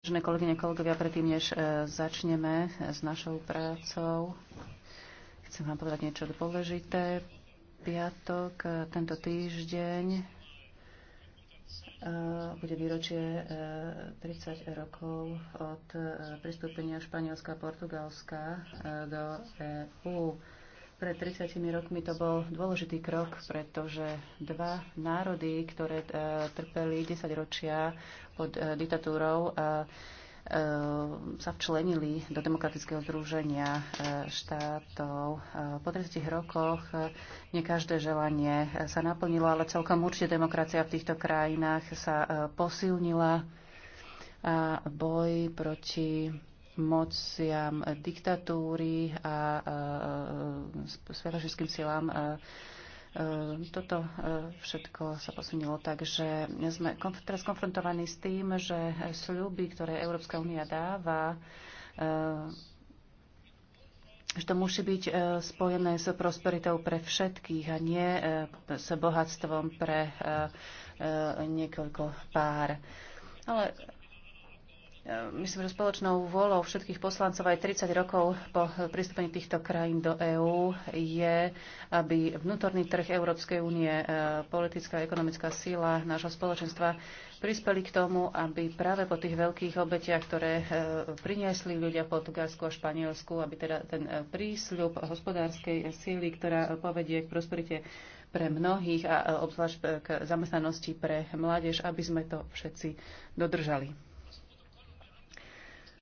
Vážené kolegyne, kolegovia, predtým, než e, začneme e, s našou prácou, chcem vám povedať niečo dôležité. Piatok, e, tento týždeň, bude výročie 30 rokov od pristúpenia Španielska a Portugalska do EÚ. Pred 30 rokmi to bol dôležitý krok, pretože dva národy, ktoré e, trpeli 10 ročia pod e, diktatúrou, e, sa včlenili do demokratického združenia štátov. Po 30 rokoch nie každé želanie sa naplnilo, ale celkom určite demokracia v týchto krajinách sa posilnila a boj proti mociam diktatúry a svedožeským silám toto všetko sa posunilo tak, že sme teraz konfrontovaní s tým, že sľuby, ktoré Európska únia dáva, že to musí byť spojené s prosperitou pre všetkých a nie s bohatstvom pre niekoľko pár. Ale Ehm, myslím, že spoločnou volou všetkých poslancov aj 30 rokov po pristúpení týchto krajín do EÚ je, aby vnútorný trh Európskej únie, ehm, politická a ekonomická síla nášho spoločenstva prispeli k tomu, aby práve po tých veľkých obetiach, ktoré ehm, priniesli ľudia v Portugalsku a Španielsku, aby teda ten prísľub hospodárskej síly, ktorá povedie k prosperite pre mnohých a obzvlášť k zamestnanosti pre mládež, aby sme to všetci dodržali.